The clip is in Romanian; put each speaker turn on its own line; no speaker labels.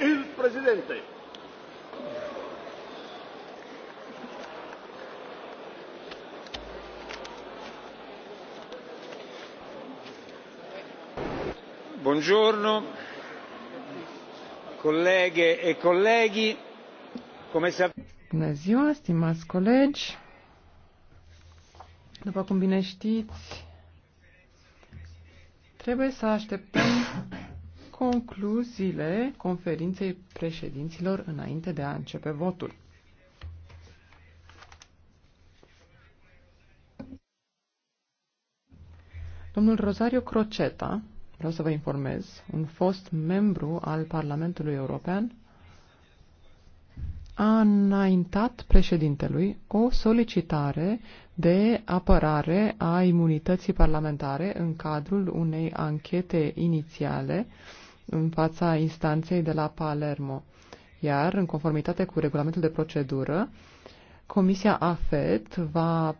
il presidente.
Buongiorno, colleghe e colleghi. Come sapete...
Bună ziua, stimați colegi. După cum bine știți, trebuie să așteptăm concluziile conferinței președinților înainte de a începe votul. Domnul Rosario Croceta, vreau să vă informez, un fost membru al Parlamentului European, a înaintat președintelui o solicitare de apărare a imunității parlamentare în cadrul unei anchete inițiale în fața instanței de la Palermo. Iar, în conformitate cu regulamentul de procedură, Comisia AFET va